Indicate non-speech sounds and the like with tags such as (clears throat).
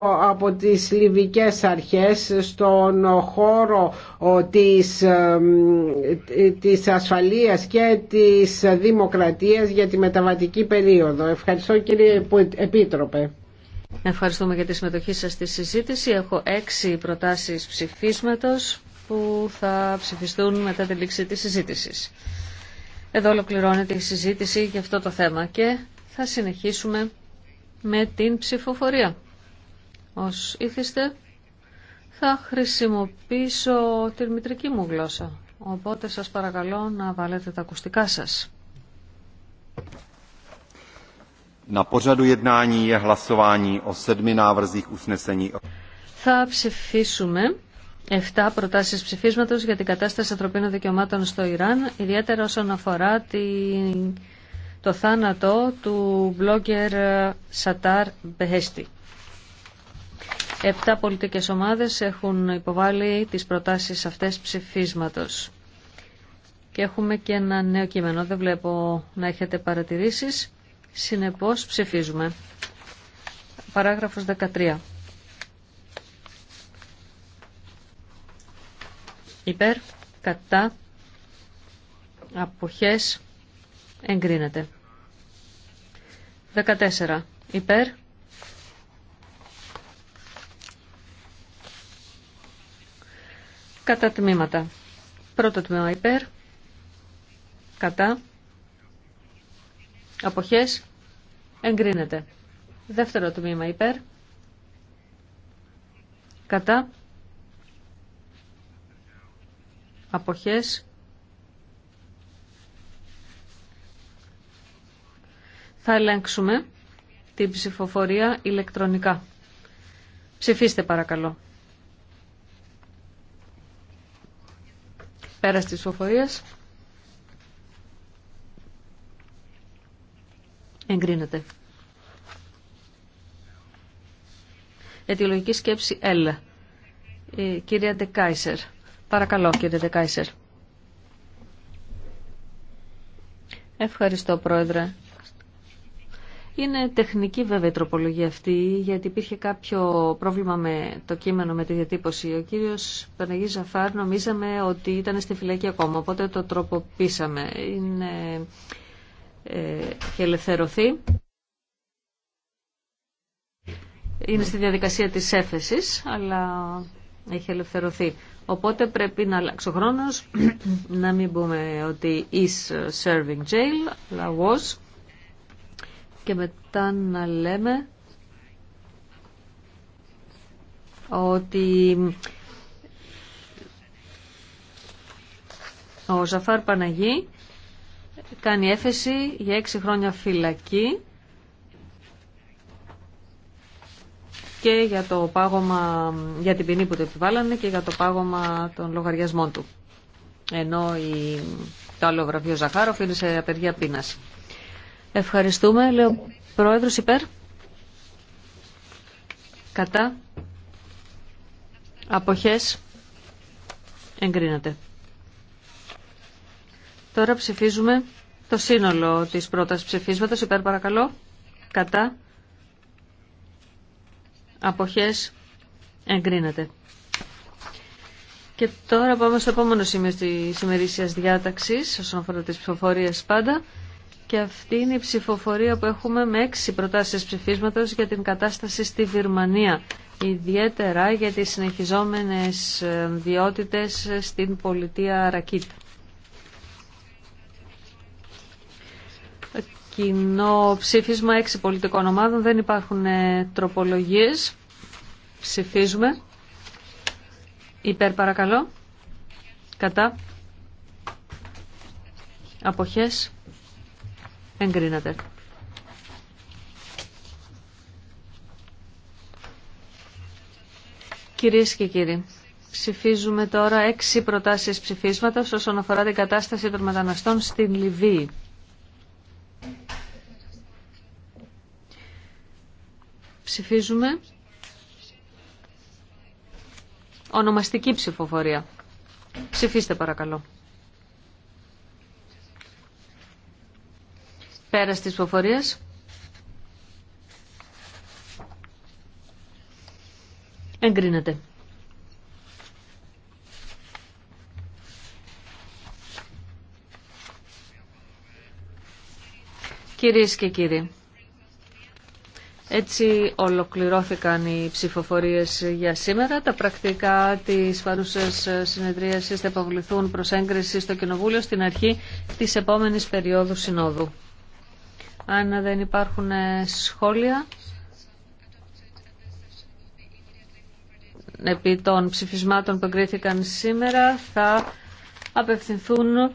από τις Λιβικές αρχές στον χώρο της, της ασφαλείας και της δημοκρατίας για τη μεταβατική περίοδο. Ευχαριστώ κύριε Επίτροπε. Ευχαριστούμε για τη συμμετοχή σας στη συζήτηση. Έχω έξι προτάσεις ψηφίσματος που θα ψηφιστούν μετά τη λήξη της συζήτησης. Εδώ ολοκληρώνεται η συζήτηση για αυτό το θέμα και θα συνεχίσουμε με την ψηφοφορία ως ήθιστε, θα χρησιμοποιήσω τη μητρική μου γλώσσα. Οπότε σας παρακαλώ να βάλετε τα ακουστικά σας. je hlasování o Θα ψηφίσουμε 7 προτάσεις ψηφίσματος για την κατάσταση ανθρωπίνων δικαιωμάτων στο Ιράν, ιδιαίτερα όσον αφορά το θάνατο του blogger Σατάρ Μπεχέστη. Επτά πολιτικές ομάδες έχουν υποβάλει τις προτάσεις αυτές ψηφίσματος. Και έχουμε και ένα νέο κείμενο. Δεν βλέπω να έχετε παρατηρήσεις. Συνεπώς ψηφίζουμε. Παράγραφος 13. Υπέρ, κατά, αποχές, εγκρίνεται. 14. Υπέρ, κατά τμήματα. Πρώτο τμήμα υπέρ, κατά, αποχές, εγκρίνεται. Δεύτερο τμήμα υπέρ, κατά, αποχές, θα ελέγξουμε την ψηφοφορία ηλεκτρονικά. Ψηφίστε παρακαλώ. Πέρα τη ψηφοφορία. Εγκρίνεται. Αιτιολογική σκέψη L. Η ε, κυρία Ντεκάισερ. Παρακαλώ, κύριε Ντεκάισερ. Ευχαριστώ, Πρόεδρε. Είναι τεχνική βέβαια η τροπολογία αυτή, γιατί υπήρχε κάποιο πρόβλημα με το κείμενο, με τη διατύπωση. Ο κύριος Παναγή Ζαφάρ νομίζαμε ότι ήταν στη φυλακή ακόμα, οπότε το τροποποίησαμε. Είναι ε, ελευθερωθεί. Είναι στη διαδικασία της έφεσης, αλλά έχει ελευθερωθεί. Οπότε πρέπει να αλλάξει ο χρόνος, (clears throat) να μην πούμε ότι is serving jail, αλλά was και μετά να λέμε ότι ο Ζαφάρ Παναγί κάνει έφεση για έξι χρόνια φυλακή και για το πάγωμα, για την ποινή που το επιβάλλανε και για το πάγωμα των λογαριασμών του. Ενώ η, το άλλο βραβείο Ζαχάροφ είναι σε απεργία πείνας. Ευχαριστούμε. Λέω πρόεδρος υπέρ. Κατά. Αποχές. εγκρίνατε. Τώρα ψηφίζουμε το σύνολο της πρώτας ψηφίσματος. Υπέρ παρακαλώ. Κατά. Αποχές. εγκρίνατε. Και τώρα πάμε στο επόμενο σημείο της ημερήσιας διάταξης, όσον αφορά τις ψηφοφορίες πάντα. Και αυτή είναι η ψηφοφορία που έχουμε με έξι προτάσεις ψηφίσματος για την κατάσταση στη Βυρμανία. Ιδιαίτερα για τις συνεχιζόμενες ε, διότητες στην πολιτεία Ρακίτ. Κοινό ψήφισμα έξι πολιτικών ομάδων. Δεν υπάρχουν ε, τροπολογίες. Ψηφίζουμε. Υπέρ παρακαλώ. Κατά. Αποχές. Εγκρίνεται. Κυρίες και κύριοι, ψηφίζουμε τώρα έξι προτάσεις ψηφίσματος όσον αφορά την κατάσταση των μεταναστών στην Λιβύη. Ψηφίζουμε ονομαστική ψηφοφορία. Ψηφίστε παρακαλώ. Καλησπέρα της ψηφοφορίας. Εγκρίνεται. Κυρίες και κύριοι, έτσι ολοκληρώθηκαν οι ψηφοφορίες για σήμερα. Τα πρακτικά της παρούσας συνεδρίασης θα υποβληθούν προς έγκριση στο Κοινοβούλιο στην αρχή της επόμενης περίοδου συνόδου. Αν δεν υπάρχουν ε, σχόλια, επί των ψηφισμάτων που εγκρίθηκαν σήμερα θα απευθυνθούν